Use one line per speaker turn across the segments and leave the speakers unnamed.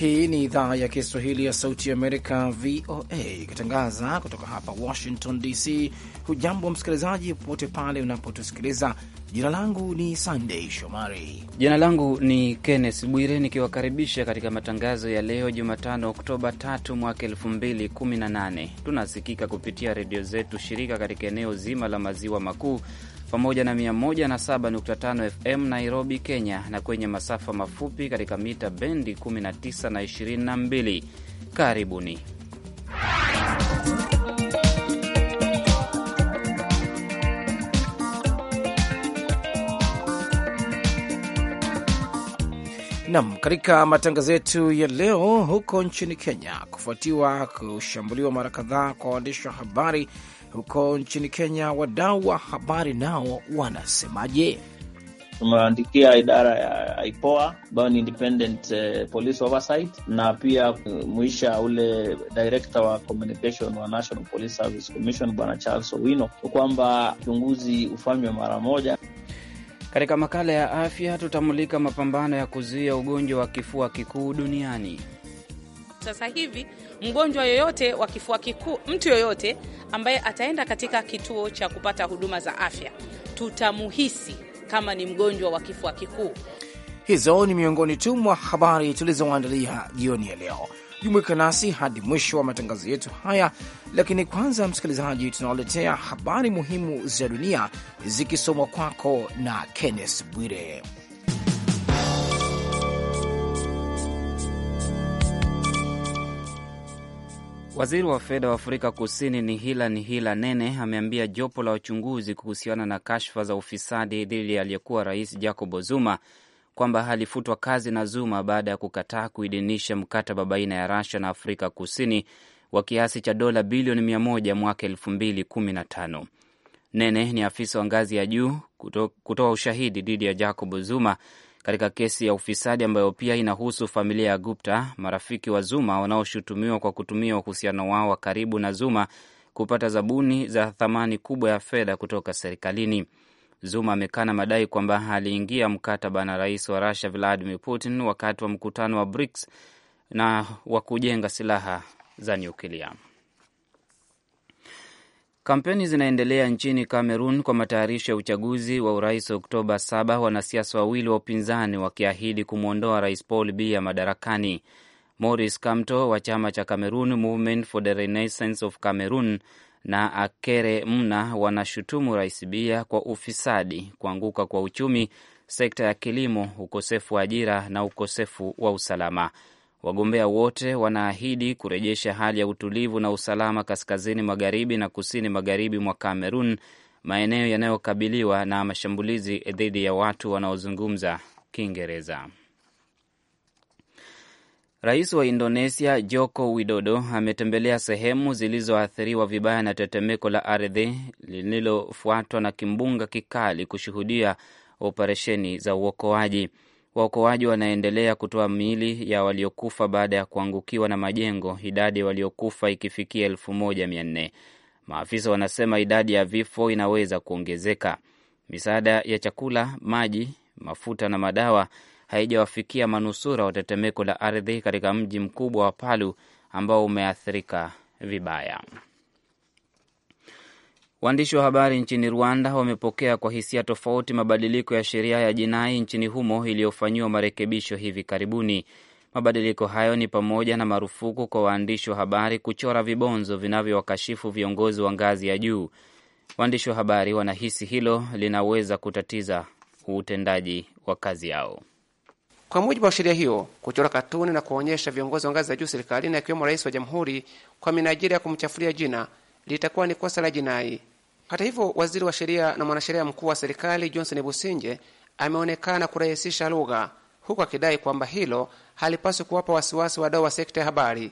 Hii ni idhaa ya Kiswahili ya Sauti ya Amerika, VOA, ikitangaza kutoka hapa Washington DC. Hujambo msikilizaji, popote pale unapotusikiliza. Jina langu ni sandey Shomari.
Jina langu ni Kenneth Bwire, nikiwakaribisha katika matangazo ya leo Jumatano, Oktoba 3 mwaka 2018. Tunasikika kupitia redio zetu shirika katika eneo zima la maziwa makuu pamoja na 107.5 FM Nairobi, Kenya, na kwenye masafa mafupi katika mita bendi 19 na 22. Karibuni.
Nam, katika matangazo yetu ya leo, huko nchini Kenya, kufuatiwa kushambuliwa mara kadhaa kwa waandishi wa habari huko nchini Kenya, wadau wa habari
nao wanasemaje? Tumeandikia idara ya IPOA ambayo ni independent eh, police oversight, na pia eh, mwisha ule director wa communication wa National Police Service Commission Bwana Charles Owino kwamba uchunguzi ufanywe mara moja.
Katika makala ya afya tutamulika mapambano ya kuzuia ugonjwa wa kifua kikuu duniani.
Sasa hivi mgonjwa yoyote wa kifua kikuu, mtu yoyote ambaye ataenda katika kituo cha kupata huduma za afya tutamuhisi kama ni mgonjwa wa kifua kikuu.
Hizo ni miongoni tu mwa habari tulizoandalia jioni ya leo. Jumuika nasi hadi mwisho wa matangazo yetu haya, lakini kwanza, msikilizaji, tunawaletea habari muhimu za dunia zikisomwa kwako na Kenneth Bwire.
Waziri
wa fedha wa Afrika Kusini hila nene ameambia jopo la wachunguzi kuhusiana na kashfa za ufisadi dhidi ya aliyekuwa rais Jacob Zuma kwamba alifutwa kazi na Zuma baada ya kukataa kuidhinisha mkataba baina ya rasia na Afrika Kusini wa kiasi cha dola bilioni mia moja mwaka elfu mbili kumi na tano. Nene ni afisa wa ngazi ya juu kutoa ushahidi dhidi ya Jacob Zuma katika kesi ya ufisadi ambayo pia inahusu familia ya Gupta, marafiki wa Zuma wanaoshutumiwa kwa kutumia uhusiano wao wa karibu na Zuma kupata zabuni za thamani kubwa ya fedha kutoka serikalini. Zuma amekana madai kwamba aliingia mkataba na rais wa Rusia Vladimir Putin wakati wa mkutano wa BRICS na wa kujenga silaha za nyuklia. Kampeni zinaendelea nchini Kamerun kwa matayarisho ya uchaguzi wa urais Oktoba 7, wanasiasa wawili wa upinzani wakiahidi kumwondoa rais Paul Biya madarakani. Moris Kamto wa chama cha Cameroon Movement for the Renaissance of Cameroon na Akere Mna wanashutumu rais Biya kwa ufisadi, kuanguka kwa uchumi, sekta ya kilimo, ukosefu wa ajira na ukosefu wa usalama. Wagombea wote wanaahidi kurejesha hali ya utulivu na usalama kaskazini magharibi na kusini magharibi mwa Kamerun, maeneo yanayokabiliwa na mashambulizi dhidi ya watu wanaozungumza Kiingereza. Rais wa Indonesia Joko Widodo ametembelea sehemu zilizoathiriwa vibaya na tetemeko la ardhi lililofuatwa na kimbunga kikali kushuhudia operesheni za uokoaji. Waokoaji wanaendelea kutoa miili ya waliokufa baada ya kuangukiwa na majengo, idadi waliokufa ikifikia elfu moja mia nne. Maafisa wanasema idadi ya vifo inaweza kuongezeka. Misaada ya chakula, maji, mafuta na madawa haijawafikia manusura wa tetemeko la ardhi katika mji mkubwa wa Palu ambao umeathirika vibaya. Waandishi wa habari nchini Rwanda wamepokea kwa hisia tofauti mabadiliko ya sheria ya jinai nchini humo iliyofanyiwa marekebisho hivi karibuni. Mabadiliko hayo ni pamoja na marufuku kwa waandishi wa habari kuchora vibonzo vinavyowakashifu viongozi wa ngazi ya juu. Waandishi wa habari wanahisi hilo linaweza kutatiza utendaji wa kazi yao. Kwa mujibu
wa sheria hiyo, kuchora katuni na kuwaonyesha viongozi wa ngazi za juu serikalini, akiwemo rais wa jamhuri, kwa minajili ya kumchafulia jina litakuwa ni kosa la jinai. Hata hivyo, waziri wa sheria na mwanasheria mkuu wa serikali Johnson Businje ameonekana kurahisisha lugha, huku akidai kwamba hilo halipaswi kuwapa wasiwasi wadau wa sekta ya habari.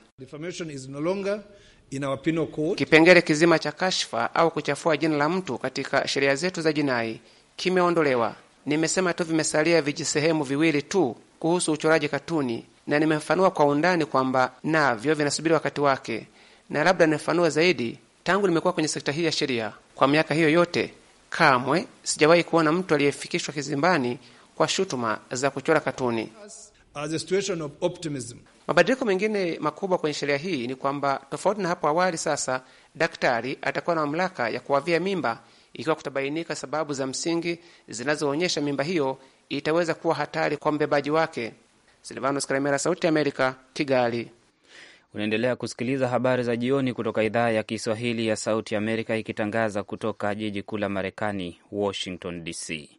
Kipengele kizima cha kashfa au kuchafua jina la mtu katika sheria zetu za jinai kimeondolewa. Nimesema tu vimesalia vijisehemu viwili tu kuhusu uchoraji katuni, na nimefanua kwa undani kwamba navyo vinasubiri wakati wake, na labda nimefafanua zaidi Tangu nimekuwa kwenye sekta hii ya sheria kwa miaka hiyo yote, kamwe sijawahi kuona mtu aliyefikishwa kizimbani kwa shutuma za kuchora katuni. Mabadiliko mengine makubwa kwenye sheria hii ni kwamba tofauti na hapo awali, sasa daktari atakuwa na mamlaka ya kuwavia mimba ikiwa kutabainika sababu za msingi zinazoonyesha mimba hiyo itaweza kuwa hatari kwa mbebaji wake.
Silvanos Sauti ya Amerika, Kigali. Unaendelea kusikiliza habari za jioni kutoka idhaa ya Kiswahili ya Sauti Amerika ikitangaza kutoka jiji kuu la Marekani, Washington DC.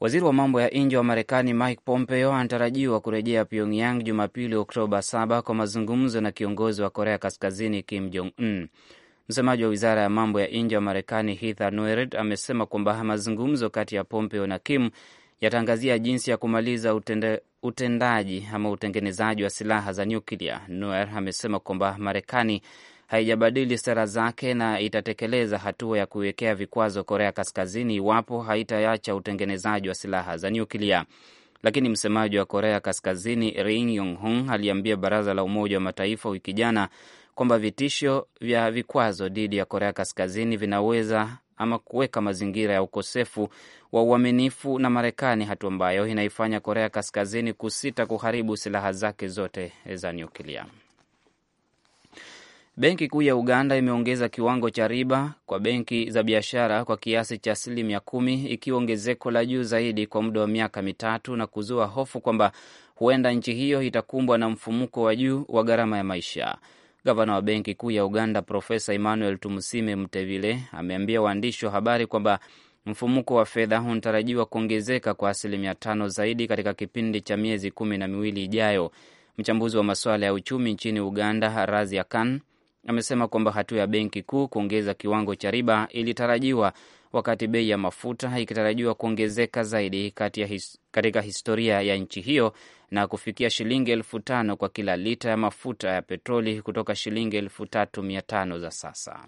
Waziri wa mambo ya nje wa Marekani Mike Pompeo anatarajiwa kurejea Pyongyang Jumapili, Oktoba 7 kwa mazungumzo na kiongozi wa Korea Kaskazini Kim Jong Un. Msemaji wa wizara ya mambo ya nje wa Marekani Heather Nauert amesema kwamba mazungumzo kati ya Pompeo na Kim yataangazia jinsi ya kumaliza utende, utendaji ama utengenezaji wa silaha za nyuklia, Nuer amesema kwamba Marekani haijabadili sera zake na itatekeleza hatua ya kuwekea vikwazo Korea Kaskazini iwapo haitaacha utengenezaji wa silaha za nyuklia. Lakini msemaji wa Korea Kaskazini Ri Yong Hun aliambia baraza la Umoja wa Mataifa wiki jana kwamba vitisho vya vikwazo dhidi ya Korea Kaskazini vinaweza ama kuweka mazingira ya ukosefu wa uaminifu na Marekani, hatua ambayo inaifanya Korea Kaskazini kusita kuharibu silaha zake zote za nyuklia. Benki Kuu ya Uganda imeongeza kiwango cha riba kwa benki za biashara kwa kiasi cha asilimia kumi, ikiwa ongezeko la juu zaidi kwa muda wa miaka mitatu na kuzua hofu kwamba huenda nchi hiyo itakumbwa na mfumuko wa juu wa gharama ya maisha. Gavana wa Benki Kuu ya Uganda Profesa Emmanuel Tumusime mtevile ameambia waandishi wa habari kwamba mfumuko wa fedha unatarajiwa kuongezeka kwa asilimia tano zaidi katika kipindi cha miezi kumi na miwili ijayo. Mchambuzi wa masuala ya uchumi nchini Uganda Razia Khan amesema kwamba hatua ya Benki Kuu kuongeza kiwango cha riba ilitarajiwa wakati bei ya mafuta ikitarajiwa kuongezeka zaidi his, katika historia ya nchi hiyo na kufikia shilingi elfu tano kwa kila lita ya mafuta ya petroli kutoka shilingi elfu tatu mia tano za sasa.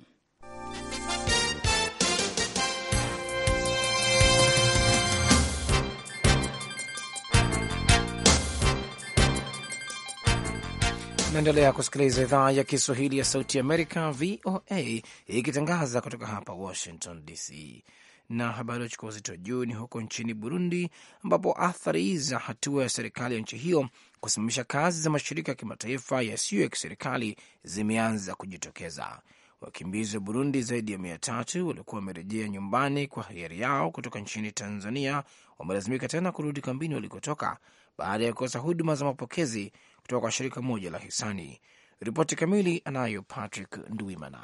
Naendelea kusikiliza idhaa ya Kiswahili ya Sauti Amerika, VOA, ikitangaza kutoka hapa Washington DC. Na habari wachukua uzito juu ni huko nchini Burundi, ambapo athari za hatua ya serikali ya nchi hiyo kusimamisha kazi za mashirika ya kimataifa yasiyo ya kiserikali zimeanza kujitokeza. Wakimbizi wa Burundi zaidi ya mia tatu waliokuwa wamerejea nyumbani kwa hiari yao kutoka nchini Tanzania wamelazimika tena kurudi kambini walikotoka baada ya kukosa huduma za mapokezi kutoka kwa shirika moja la hisani. Ripoti kamili anayo Patrick Nduimana.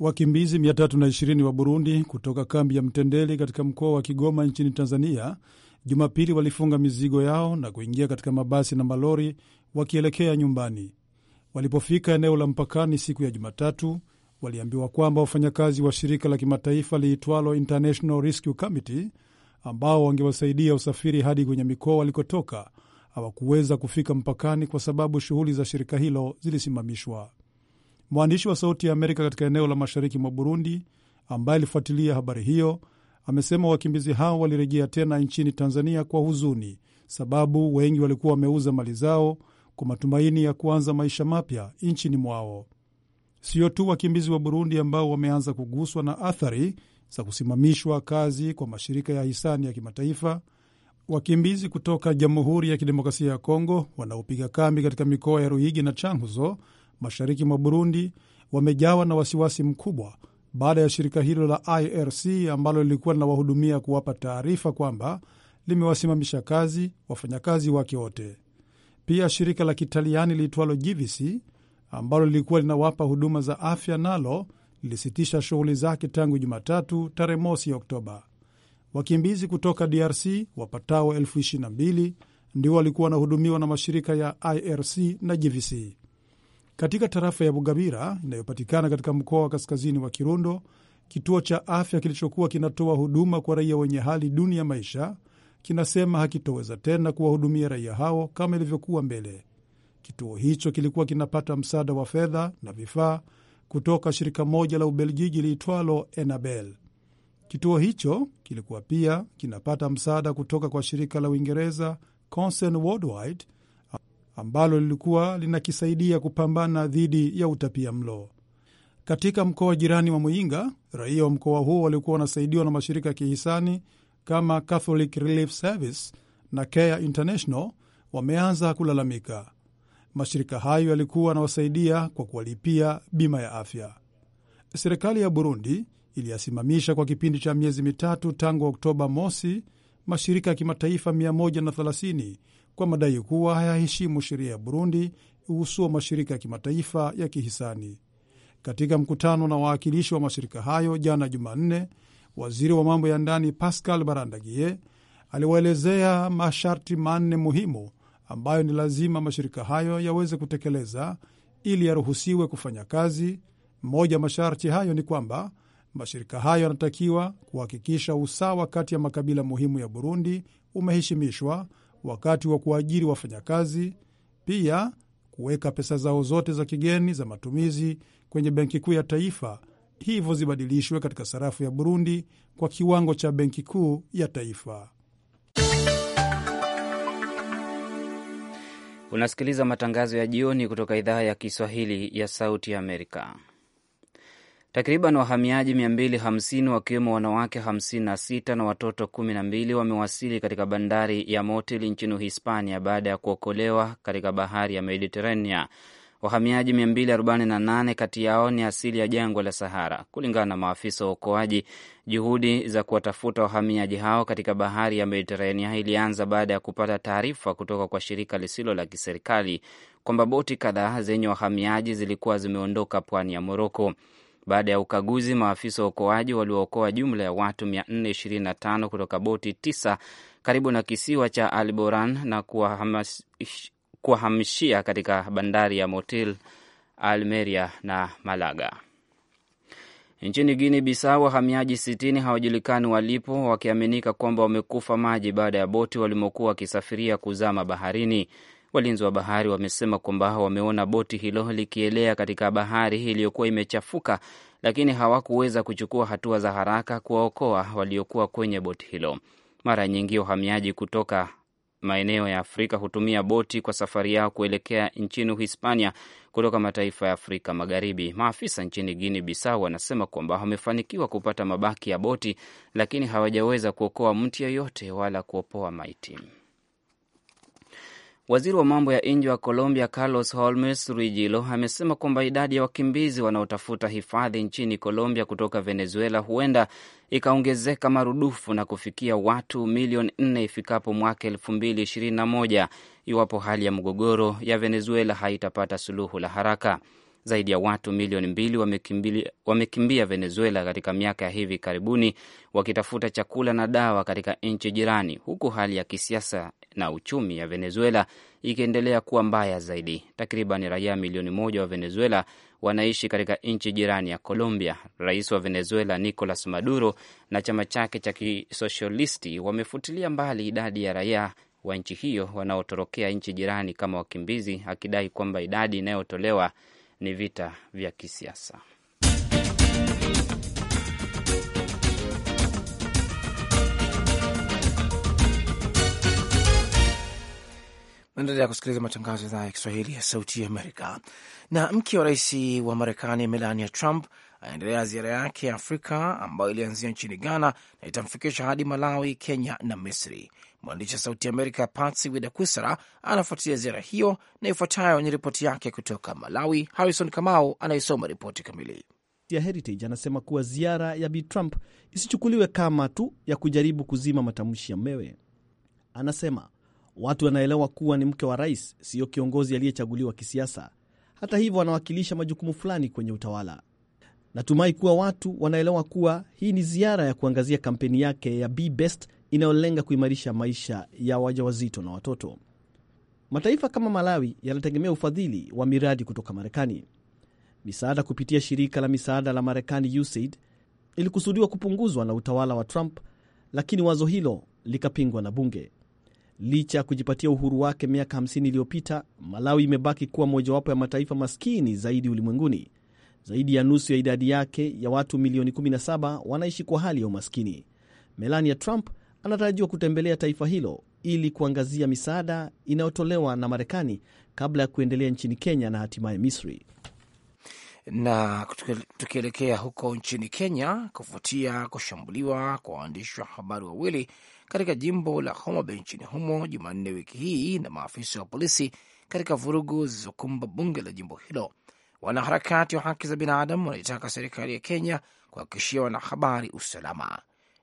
Wakimbizi 320 wa Burundi kutoka kambi ya Mtendeli katika mkoa wa Kigoma nchini Tanzania Jumapili walifunga mizigo yao na kuingia katika mabasi na malori wakielekea nyumbani. Walipofika eneo la mpakani siku ya Jumatatu, waliambiwa kwamba wafanyakazi wa shirika la kimataifa liitwalo International Rescue Committee ambao wangewasaidia usafiri hadi kwenye mikoa walikotoka hawakuweza kufika mpakani kwa sababu shughuli za shirika hilo zilisimamishwa. Mwandishi wa Sauti ya Amerika katika eneo la mashariki mwa Burundi ambaye alifuatilia habari hiyo amesema wakimbizi hao walirejea tena nchini Tanzania kwa huzuni, sababu wengi walikuwa wameuza mali zao kwa matumaini ya kuanza maisha mapya nchini mwao. Sio tu wakimbizi wa Burundi ambao wameanza kuguswa na athari za kusimamishwa kazi kwa mashirika ya hisani ya kimataifa Wakimbizi kutoka Jamhuri ya Kidemokrasia ya Kongo wanaopiga kambi katika mikoa ya Ruigi na Changuzo mashariki mwa Burundi wamejawa na wasiwasi mkubwa baada ya shirika hilo la IRC ambalo lilikuwa linawahudumia kuwapa taarifa kwamba limewasimamisha kazi wafanyakazi wake wote. Pia shirika la Kitaliani liitwalo JVC ambalo lilikuwa linawapa huduma za afya nalo lilisitisha shughuli zake tangu Jumatatu tarehe mosi Oktoba. Wakimbizi kutoka DRC wapatao elfu ndio walikuwa wanahudumiwa na mashirika ya IRC na JVC katika tarafa ya Bugabira inayopatikana katika mkoa wa kaskazini wa Kirundo. Kituo cha afya kilichokuwa kinatoa huduma kwa raia wenye hali duni ya maisha kinasema hakitoweza tena kuwahudumia raia hao kama ilivyokuwa mbele. Kituo hicho kilikuwa kinapata msaada wa fedha na vifaa kutoka shirika moja la Ubelgiji liitwalo Enabel. Kituo hicho kilikuwa pia kinapata msaada kutoka kwa shirika la Uingereza Concern Worldwide ambalo lilikuwa linakisaidia kupambana dhidi ya utapia mlo. Katika mkoa wa jirani wa Muyinga, raia wa mkoa huo walikuwa wanasaidiwa na mashirika ya kihisani kama Catholic Relief Service na Care International wameanza kulalamika. Mashirika hayo yalikuwa yanawasaidia kwa kuwalipia bima ya afya. Serikali ya Burundi iliyasimamisha kwa kipindi cha miezi mitatu tangu Oktoba mosi mashirika ya kimataifa 130 kwa madai kuwa hayaheshimu sheria ya Burundi uhusuo mashirika ya kimataifa ya kihisani. Katika mkutano na wawakilishi wa mashirika hayo jana Jumanne, waziri wa mambo ya ndani Pascal Barandagie aliwaelezea masharti manne muhimu ambayo ni lazima mashirika hayo yaweze kutekeleza ili yaruhusiwe kufanya kazi. Moja masharti hayo ni kwamba Mashirika hayo yanatakiwa kuhakikisha usawa kati ya makabila muhimu ya Burundi umeheshimishwa wakati wa kuajiri wafanyakazi, pia kuweka pesa zao zote za kigeni za matumizi kwenye benki kuu ya taifa, hivyo zibadilishwe katika sarafu ya Burundi kwa kiwango cha benki kuu ya taifa.
Unasikiliza matangazo ya jioni kutoka idhaa ya Kiswahili ya Sauti ya Amerika. Takriban wahamiaji 250 wakiwemo wanawake 56 na watoto 12 wamewasili katika bandari ya Motil nchini Hispania baada ya kuokolewa katika bahari ya Mediterania. Wahamiaji 248 kati yao ni asili ya jangwa la Sahara, kulingana na maafisa wa uokoaji. Juhudi za kuwatafuta wahamiaji hao katika bahari ya Mediterania ilianza baada ya kupata taarifa kutoka kwa shirika lisilo la kiserikali kwamba boti kadhaa zenye wahamiaji zilikuwa zimeondoka pwani ya Moroko. Baada ya ukaguzi, maafisa wa uokoaji waliookoa jumla ya watu 425 kutoka boti tisa karibu na kisiwa cha Alboran na kuwahamishia katika bandari ya Motil, Almeria na Malaga. Nchini Guini bisaa wahamiaji 60 hawajulikani walipo, wakiaminika kwamba wamekufa maji baada ya boti walimokuwa wakisafiria kuzama baharini. Walinzi wa bahari wamesema kwamba wameona boti hilo likielea katika bahari iliyokuwa imechafuka, lakini hawakuweza kuchukua hatua za haraka kuwaokoa waliokuwa kwenye boti hilo. Mara nyingi wahamiaji kutoka maeneo ya Afrika hutumia boti kwa safari yao kuelekea nchini Uhispania kutoka mataifa ya Afrika Magharibi. Maafisa nchini Guini bisau wanasema kwamba wamefanikiwa kupata mabaki ya boti, lakini hawajaweza kuokoa mtu yeyote wala kuopoa maiti. Waziri wa mambo ya nje wa Colombia Carlos Holmes Rijilo, amesema kwamba idadi ya wakimbizi wanaotafuta hifadhi nchini Colombia kutoka Venezuela huenda ikaongezeka marudufu na kufikia watu milioni nne ifikapo mwaka elfu mbili ishirini na moja iwapo hali ya mgogoro ya Venezuela haitapata suluhu la haraka. Zaidi ya watu milioni mbili wamekimbia Venezuela katika miaka ya hivi karibuni wakitafuta chakula na dawa katika nchi jirani, huku hali ya kisiasa na uchumi ya Venezuela ikiendelea kuwa mbaya zaidi. Takriban raia milioni moja wa Venezuela wanaishi katika nchi jirani ya Colombia. Rais wa Venezuela Nicolas Maduro na chama chake cha kisosialisti wamefutilia mbali idadi ya raia wa nchi hiyo wanaotorokea nchi jirani kama wakimbizi, akidai kwamba idadi inayotolewa ni vita vya kisiasa.
Naendelea kusikiliza matangazo ya idhaa ya Kiswahili ya Sauti ya Amerika. Na mke wa rais wa Marekani Melania Trump anaendelea ziara yake ya Afrika ambayo ilianzia nchini Ghana na itamfikisha hadi Malawi, Kenya na Misri. Mwandishi wa Sauti ya Amerika patsi Widakusara anafuatilia ziara hiyo na ifuatayo ni ripoti yake kutoka Malawi. Harrison Kamau anayesoma ripoti
kamili. Ya Heritage anasema kuwa ziara ya Bi Trump isichukuliwe kama tu ya kujaribu kuzima matamshi ya mmewe. Anasema Watu wanaelewa kuwa ni mke wa rais, siyo kiongozi aliyechaguliwa kisiasa. Hata hivyo, wanawakilisha majukumu fulani kwenye utawala. Natumai kuwa watu wanaelewa kuwa hii ni ziara ya kuangazia kampeni yake ya Be Best inayolenga kuimarisha maisha ya wajawazito na watoto. Mataifa kama Malawi yanategemea ufadhili wa miradi kutoka Marekani. Misaada kupitia shirika la misaada la Marekani USAID ilikusudiwa kupunguzwa na utawala wa Trump, lakini wazo hilo likapingwa na bunge. Licha ya kujipatia uhuru wake miaka 50 iliyopita, Malawi imebaki kuwa mojawapo ya mataifa maskini zaidi ulimwenguni. Zaidi ya nusu ya idadi yake ya watu milioni 17 wanaishi kwa hali ya umaskini. Melania Trump anatarajiwa kutembelea taifa hilo ili kuangazia misaada inayotolewa na Marekani kabla ya kuendelea nchini Kenya na hatimaye Misri. Na
tukielekea huko nchini Kenya, kufuatia kushambuliwa kwa waandishi wa habari wawili katika jimbo la Homa Bay nchini humo Jumanne wiki hii na maafisa wa polisi katika vurugu zilizokumba bunge la jimbo hilo. Wanaharakati wa haki za binadamu wanaitaka serikali ya Kenya kuhakikishia wanahabari usalama.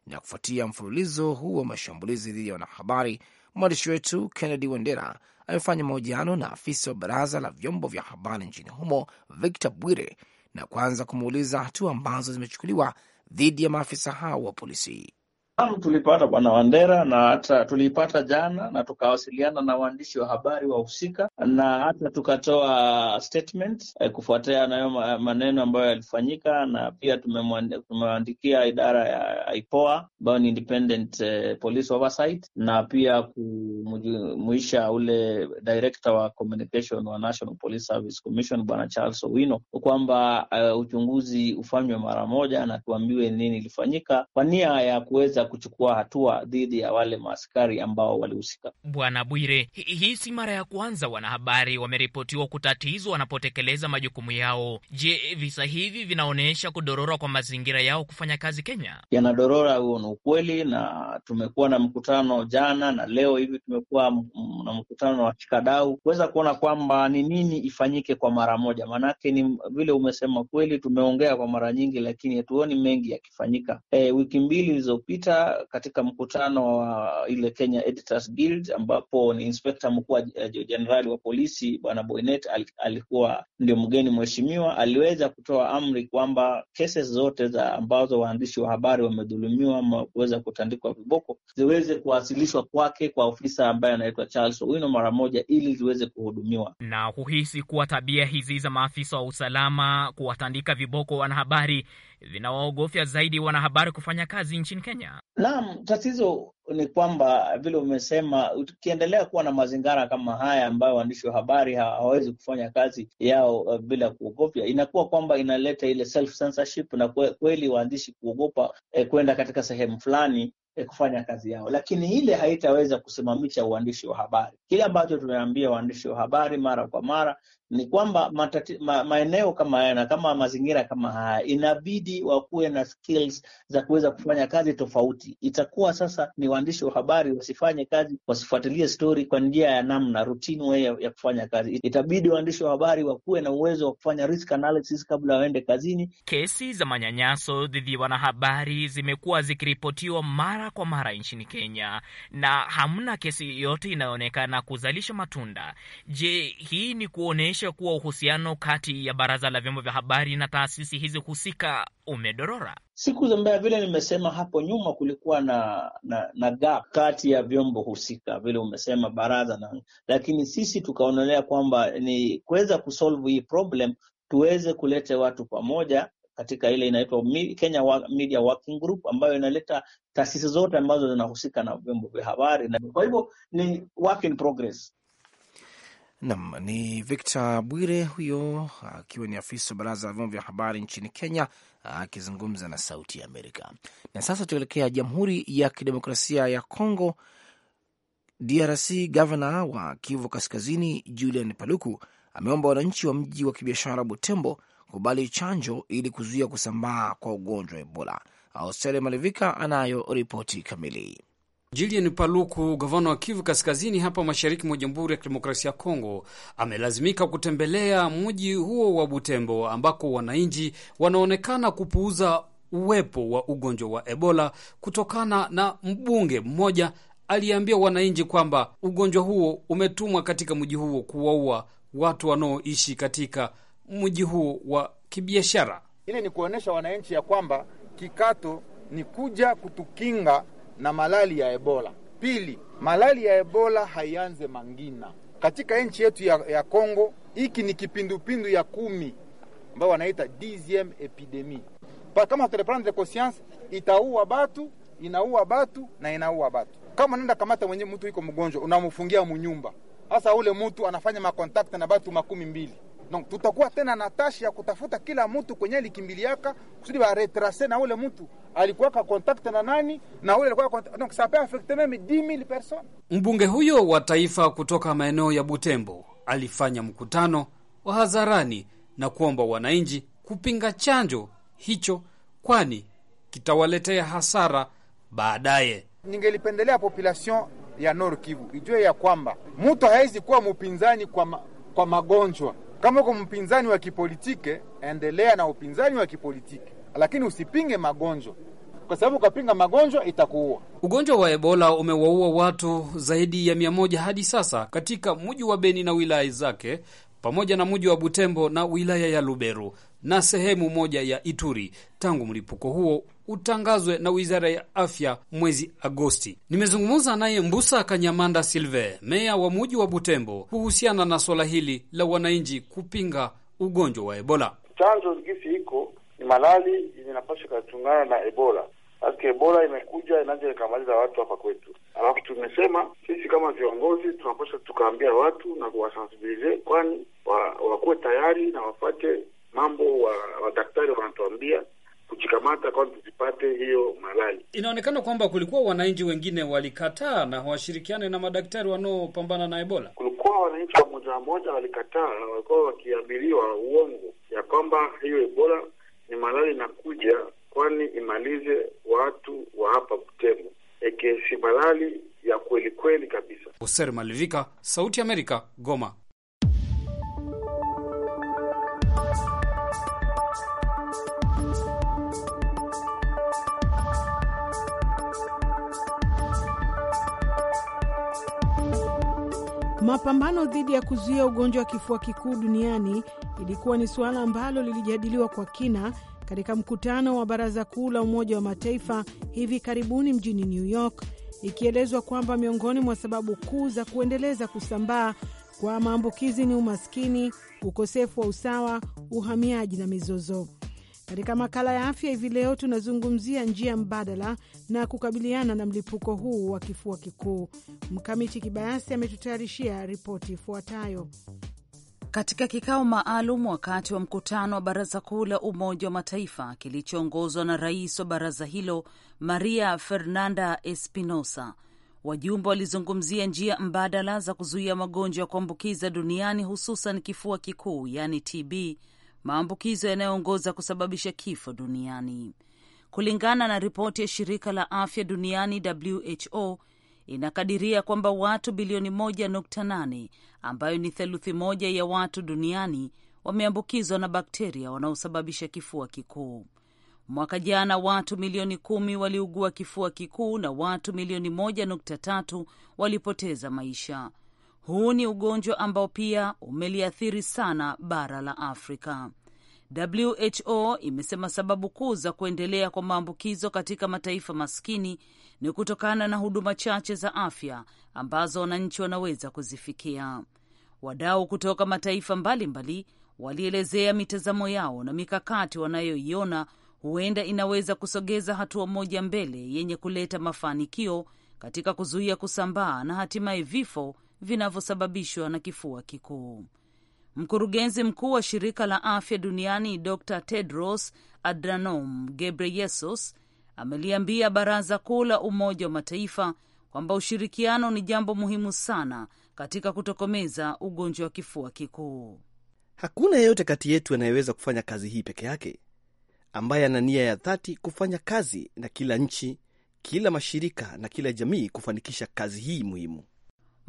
Na kufuatia mfululizo huu wa mashambulizi dhidi ya wanahabari, mwandishi wetu Kennedy Wendera amefanya mahojiano na afisa wa baraza la vyombo vya habari nchini humo Victor Bwire, na kwanza kumuuliza hatua ambazo zimechukuliwa dhidi ya maafisa hao wa polisi.
Naam, tulipata bwana Wandera na hata tuliipata jana, na tukawasiliana na waandishi wa habari wahusika na hata tukatoa statement eh, kufuatia nayo maneno ambayo yalifanyika, na pia tumewaandikia idara ya IPOA ambayo ni Independent eh, Police Oversight, na pia kumuisha ule director wa communication wa National Police Service Commission bwana Charles Owino kwamba eh, uchunguzi ufanywe mara moja na tuambiwe nini ilifanyika kwa nia ya kuweza kuchukua hatua dhidi ya wale maaskari ambao walihusika.
Bwana Bwire, hii si mara ya kwanza wanahabari wameripotiwa kutatizwa wanapotekeleza majukumu yao. Je, visa hivi vinaonyesha kudorora kwa mazingira yao kufanya kazi Kenya?
Yanadorora, huo ni ukweli, na tumekuwa na mkutano jana na leo hivi tumekuwa na mkutano wa kikadau kuweza kuona kwamba ni nini ifanyike kwa mara moja, maanake ni vile umesema kweli, tumeongea kwa mara nyingi, lakini hatuoni mengi yakifanyika. E, wiki mbili ilizopita katika mkutano wa ile Kenya Editors Guild, ambapo ni inspekta mkuu wa eh, jenerali wa polisi bwana Boynet al, alikuwa ndio mgeni mheshimiwa, aliweza kutoa amri kwamba kesi zote za ambazo waandishi wa habari wamedhulumiwa ama kuweza kutandikwa viboko ziweze kuwasilishwa kwake kwa ofisa ambaye anaitwa Charles Owino mara moja, ili ziweze kuhudumiwa.
Na huhisi kuwa tabia hizi za maafisa wa usalama kuwatandika viboko wanahabari vinawaogofya zaidi wanahabari kufanya kazi nchini Kenya?
Naam, tatizo ni kwamba vile umesema, ukiendelea kuwa na mazingira kama haya ambayo waandishi wa habari hawawezi kufanya kazi yao uh, bila kuogopya, inakuwa kwamba inaleta ile self censorship na kwe, kweli waandishi kuogopa eh, kwenda katika sehemu fulani eh, kufanya kazi yao, lakini ile haitaweza kusimamisha uandishi wa habari. Kile ambacho tumeambia waandishi wa habari mara kwa mara ni kwamba matati, ma, maeneo kama haya na kama mazingira kama haya inabidi wakuwe na skills za kuweza kufanya kazi tofauti. Itakuwa sasa ni waandishi wa habari wasifanye kazi, wasifuatilie stori kwa njia ya namna routine way ya kufanya kazi. Itabidi waandishi wa habari wakuwe na uwezo wa kufanya risk analysis kabla waende kazini.
Kesi za manyanyaso dhidi ya wanahabari zimekuwa zikiripotiwa mara kwa mara nchini Kenya na hamna kesi yoyote inayoonekana kuzalisha matunda. Je, hii ni kuonesha kuhakikisha kuwa uhusiano kati ya baraza la vyombo vya habari na taasisi hizi husika umedorora.
Siku mbaya vile nimesema hapo nyuma, kulikuwa na na, na gap kati ya vyombo husika vile umesema baraza na, lakini sisi tukaonelea kwamba ni kuweza kusolve hii problem, tuweze kuleta watu pamoja katika ile inaitwa Kenya Media Working Group ambayo inaleta taasisi zote ambazo zinahusika na vyombo vya habari, na kwa hivyo ni work in progress.
Nam ni Victor Bwire huyo akiwa ni afisa wa baraza la vyombo vya habari nchini Kenya akizungumza na Sauti ya Amerika. Na sasa tuelekea Jamhuri ya Kidemokrasia ya Kongo, DRC. Gavana wa Kivu Kaskazini Julian Paluku ameomba wananchi wa mji wa kibiashara Butembo kubali chanjo ili kuzuia kusambaa kwa ugonjwa wa Ebola. Austeri Malivika anayo ripoti
kamili julian Paluku, gavana wa Kivu Kaskazini hapa mashariki mwa Jamhuri ya Kidemokrasia ya Kongo, amelazimika kutembelea mji huo wa Butembo ambako wananchi wanaonekana kupuuza uwepo wa ugonjwa wa Ebola kutokana na mbunge mmoja aliyeambia wananchi kwamba ugonjwa huo umetumwa katika mji huo kuwaua watu wanaoishi katika mji huo wa kibiashara.
Ili ni kuonyesha wananchi ya kwamba kikato ni kuja kutukinga na malali ya Ebola. Pili, malali ya Ebola haianze Mangina, katika nchi yetu ya, ya Kongo. Hiki ni kipindupindu ya kumi ambayo wanaita dixieme epidemie. Kama hatureprendre conscience, itaua batu, inaua batu na inaua batu. Kama nenda kamata mwenye mtu iko mgonjwa, unamfungia munyumba, hasa ule mtu anafanya makontakte na batu makumi mbili Donc tutakuwa tena na tashi ya kutafuta kila mtu kwenye likimbiliaka kusudi baretrase na ule mtu ka contact na nani na ule alikuwa donc ça peut affecter même 10000 personnes.
Mbunge huyo wa taifa kutoka maeneo ya Butembo alifanya mkutano wa hadharani na kuomba wananchi kupinga chanjo hicho, kwani kitawaletea hasara baadaye.
Ningelipendelea population ya Nord Kivu ijue ya kwamba mtu hawezi kuwa mpinzani kwa, ma, kwa magonjwa kama uko mpinzani wa kipolitike, endelea na upinzani wa kipolitike, lakini usipinge magonjwa, kwa sababu ukapinga magonjwa itakuua.
Ugonjwa wa Ebola umewaua watu zaidi ya mia moja hadi sasa katika mji wa Beni na wilaya zake pamoja na mji wa Butembo na wilaya ya Luberu na sehemu moja ya Ituri tangu mlipuko huo utangazwe na wizara ya afya mwezi Agosti. Nimezungumza naye Mbusa Kanyamanda Silve, meya wa muji wa Butembo, kuhusiana na swala hili la wananchi kupinga ugonjwa wa Ebola.
Chanzo gisi iko ni malali napasha ikachungana na Ebola. Aske Ebola imekuja inaja ikamaliza watu hapa kwetu, alafu tumesema sisi kama viongozi tunapasha tukaambia watu na kuwasensibilize, kwani wakuwe wa tayari na wafate mambo wa, wa daktari wanatuambia kujikamata kwanza tuzipate hiyo malali.
Inaonekana kwamba kulikuwa wananchi wengine walikataa na washirikiane na madaktari wanaopambana na Ebola.
Kulikuwa wananchi wa moja wa moja walikataa, walikuwa wakiambiliwa uongo ya kwamba hiyo Ebola ni malali inakuja, kwani imalize watu wa hapa Butembo, eke si malali ya kweli kweli kabisa.
Hoser Malivika, Sauti ya Amerika, Goma.
Mapambano dhidi ya kuzuia ugonjwa wa kifua kikuu duniani ilikuwa ni suala ambalo lilijadiliwa kwa kina katika mkutano wa Baraza Kuu la Umoja wa Mataifa hivi karibuni mjini New York, ikielezwa kwamba miongoni mwa sababu kuu za kuendeleza kusambaa kwa maambukizi ni umaskini, ukosefu wa usawa, uhamiaji na mizozo. Katika makala ya afya hivi leo tunazungumzia njia mbadala na kukabiliana na mlipuko huu wa kifua kikuu. Mkamiti Kibayasi ametutayarishia ripoti ifuatayo.
Katika kikao maalum wakati wa mkutano wa Baraza Kuu la Umoja wa Mataifa kilichoongozwa na rais wa baraza hilo Maria Fernanda Espinosa, wajumbe walizungumzia njia mbadala za kuzuia magonjwa ya kuambukiza duniani, hususan kifua kikuu, yaani TB maambukizo yanayoongoza kusababisha kifo duniani. Kulingana na ripoti ya shirika la afya duniani WHO, inakadiria kwamba watu bilioni 1.8 ambayo ni theluthi moja ya watu duniani wameambukizwa na bakteria wanaosababisha kifua kikuu. Mwaka jana watu milioni kumi waliugua kifua kikuu na watu milioni 1.3 walipoteza maisha. Huu ni ugonjwa ambao pia umeliathiri sana bara la Afrika. WHO imesema sababu kuu za kuendelea kwa maambukizo katika mataifa maskini ni kutokana na huduma chache za afya ambazo wananchi wanaweza kuzifikia. Wadau kutoka mataifa mbalimbali walielezea mitazamo yao na mikakati wanayoiona huenda inaweza kusogeza hatua moja mbele yenye kuleta mafanikio katika kuzuia kusambaa na hatimaye vifo vinavyosababishwa na kifua kikuu. Mkurugenzi mkuu wa shirika la afya duniani Dr Tedros Adhanom Ghebreyesus ameliambia baraza kuu la Umoja wa Mataifa kwamba ushirikiano ni jambo muhimu sana katika kutokomeza ugonjwa wa kifua kikuu.
Hakuna yeyote kati yetu anayeweza kufanya kazi hii peke yake, ambaye ana nia ya dhati kufanya kazi na kila nchi, kila mashirika na kila jamii kufanikisha kazi hii muhimu.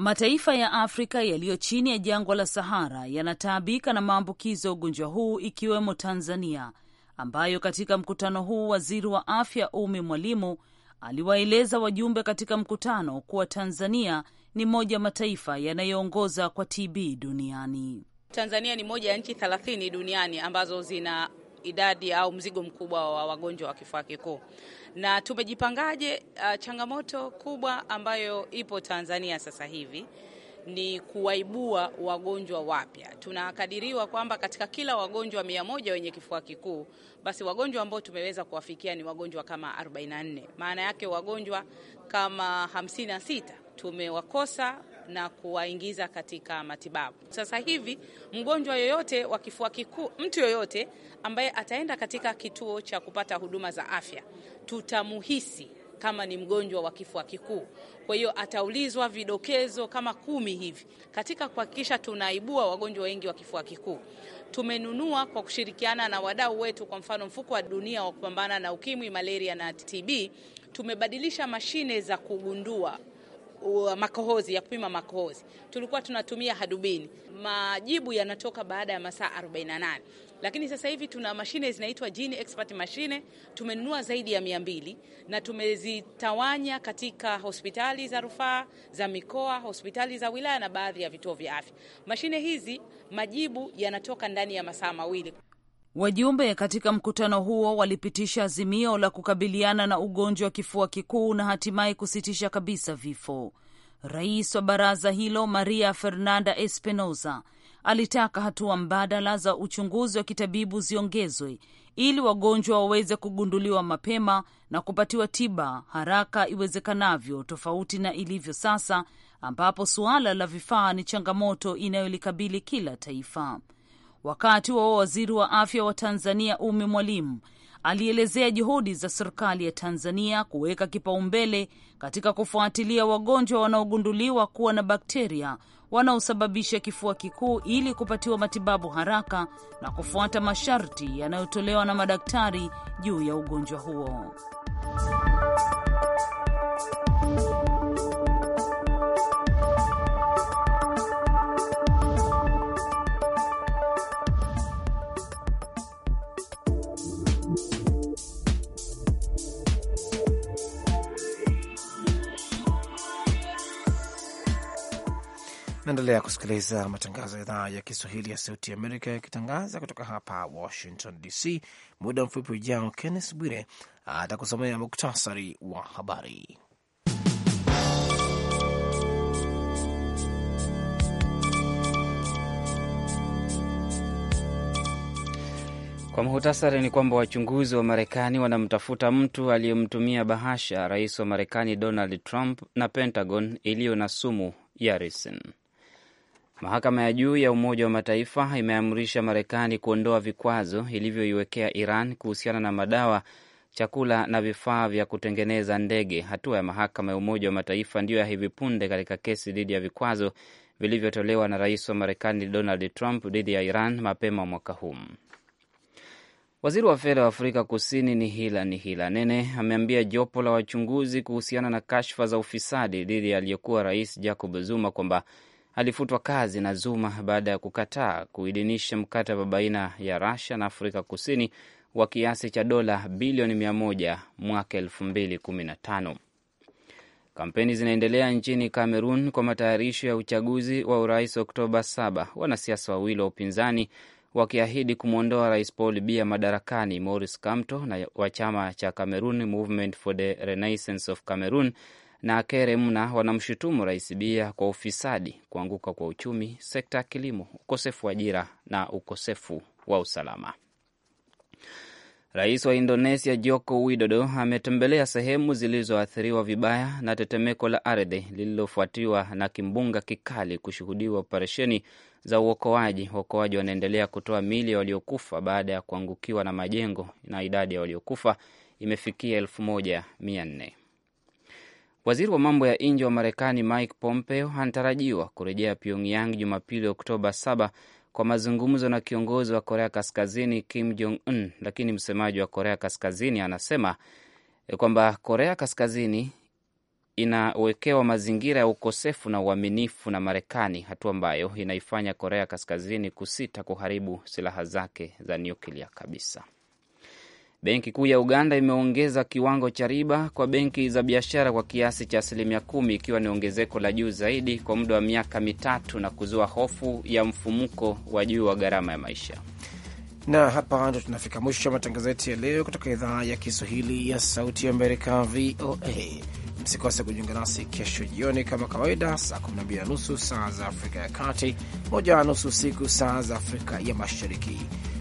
Mataifa ya Afrika yaliyo chini ya jangwa la Sahara yanataabika na maambukizo ya ugonjwa huu ikiwemo Tanzania, ambayo katika mkutano huu waziri wa afya Umi Mwalimu aliwaeleza wajumbe katika mkutano kuwa Tanzania ni moja mataifa yanayoongoza kwa TB duniani.
Tanzania ni moja ya nchi thelathini duniani ambazo zina idadi au mzigo mkubwa wa wagonjwa wa kifua kikuu. Na tumejipangaje? Uh, changamoto kubwa ambayo ipo Tanzania sasa hivi ni kuwaibua wagonjwa wapya. Tunakadiriwa kwamba katika kila wagonjwa mia moja wenye kifua kikuu, basi wagonjwa ambao tumeweza kuwafikia ni wagonjwa kama 44. Maana yake wagonjwa kama 56 tumewakosa na kuwaingiza katika matibabu. Sasa hivi mgonjwa yoyote wa kifua kikuu, mtu yoyote ambaye ataenda katika kituo cha kupata huduma za afya, tutamuhisi kama ni mgonjwa wa kifua kikuu. Kwa hiyo ataulizwa vidokezo kama kumi hivi. Katika kuhakikisha tunaibua wagonjwa wengi wa kifua kikuu, tumenunua kwa kushirikiana na wadau wetu, kwa mfano mfuko wa dunia wa kupambana na ukimwi, malaria na TB, tumebadilisha mashine za kugundua makohozi ya kupima makohozi tulikuwa tunatumia hadubini. Majibu yanatoka baada ya masaa 48, lakini sasa hivi tuna mashine zinaitwa Gene Expert mashine. Tumenunua zaidi ya 200 na tumezitawanya katika hospitali za rufaa za mikoa, hospitali za wilaya na baadhi ya vituo vya afya. Mashine hizi majibu yanatoka ndani ya masaa mawili.
Wajumbe katika mkutano huo walipitisha azimio la kukabiliana na ugonjwa wa kifua kikuu na hatimaye kusitisha kabisa vifo. Rais wa baraza hilo Maria Fernanda Espinosa alitaka hatua mbadala za uchunguzi wa kitabibu ziongezwe ili wagonjwa waweze kugunduliwa mapema na kupatiwa tiba haraka iwezekanavyo, tofauti na ilivyo sasa ambapo suala la vifaa ni changamoto inayolikabili kila taifa. Wakati wa waziri wa afya wa Tanzania Umi Mwalimu alielezea juhudi za serikali ya Tanzania kuweka kipaumbele katika kufuatilia wagonjwa wanaogunduliwa kuwa na bakteria wanaosababisha kifua kikuu ili kupatiwa matibabu haraka na kufuata masharti yanayotolewa na madaktari juu ya ugonjwa huo.
Naendelea kusikiliza
matangazo ya idhaa ya Kiswahili ya Sauti ya Amerika yakitangaza kutoka hapa Washington DC. Muda mfupi ujao, kennes Bwire atakusomea muktasari wa habari.
Kwa muhtasari ni kwamba wachunguzi wa Marekani wanamtafuta mtu aliyemtumia bahasha rais wa Marekani Donald Trump na Pentagon iliyo na sumu ya Mahakama ya juu ya Umoja wa Mataifa imeamrisha Marekani kuondoa vikwazo ilivyoiwekea Iran kuhusiana na madawa, chakula na vifaa vya kutengeneza ndege. Hatua ya mahakama ya Umoja wa Mataifa ndiyo ya hivi punde katika kesi dhidi ya vikwazo vilivyotolewa na rais wa Marekani Donald Trump dhidi ya Iran mapema mwaka huu. Waziri wa fedha wa Afrika Kusini ni hila Nene ameambia jopo la wachunguzi kuhusiana na kashfa za ufisadi dhidi ya aliyekuwa rais Jacob Zuma kwamba alifutwa kazi na Zuma baada ya kukataa kuidhinisha mkataba baina ya Russia na Afrika Kusini wa kiasi cha dola bilioni 100 mwaka tano Kampeni zinaendelea nchini Kamerun kwa matayarisho ya uchaguzi wa urais Oktoba 7, wanasiasa wawili wa upinzani wakiahidi kumwondoa Rais Paul bia madarakani. Maurice Kamto na wa chama cha Cameroon Movement for the Renaissance of Cameroon na Keremna wanamshutumu Rais bia kwa ufisadi, kuanguka kwa uchumi, sekta ya kilimo, ukosefu wa ajira na ukosefu wa usalama. Rais wa Indonesia Joko Widodo ametembelea sehemu zilizoathiriwa vibaya na tetemeko la ardhi lililofuatiwa na kimbunga kikali kushuhudiwa operesheni za uokoaji. Waokoaji wanaendelea kutoa mili ya waliokufa baada ya kuangukiwa na majengo na idadi ya waliokufa imefikia elfu moja mia nne. Waziri wa mambo ya nje wa Marekani Mike Pompeo anatarajiwa kurejea Pyongyang Jumapili Oktoba 7 kwa mazungumzo na kiongozi wa Korea Kaskazini Kim Jong Un, lakini msemaji wa Korea Kaskazini anasema kwamba Korea Kaskazini inawekewa mazingira ya ukosefu na uaminifu na Marekani, hatua ambayo inaifanya Korea Kaskazini kusita kuharibu silaha zake za nyuklia kabisa. Benki Kuu ya Uganda imeongeza kiwango cha riba kwa benki za biashara kwa kiasi cha asilimia kumi ikiwa ni ongezeko la juu zaidi kwa muda wa miaka mitatu na kuzua hofu ya mfumuko wa juu wa gharama ya maisha.
Na hapa ndo tunafika mwisho wa matangazo yetu ya leo kutoka idhaa ya Kiswahili ya Sauti Amerika, VOA. Msikose kujiunga nasi kesho jioni kama kawaida, saa 12 nusu saa za Afrika ya Kati, moja na nusu usiku saa za Afrika ya Mashariki.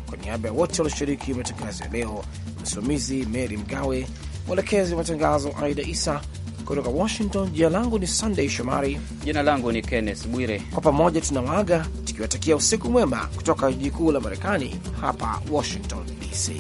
Kwa niaba ya wote walioshiriki matangazo ya leo, msimamizi Mary Mgawe, mwelekezi wa matangazo Aida Isa kutoka Washington. Jina langu ni Sunday Shomari.
Jina langu ni Kenneth Bwire. Kwa
pamoja tunawaaga tukiwatakia usiku mwema kutoka jiji kuu la Marekani, hapa Washington DC.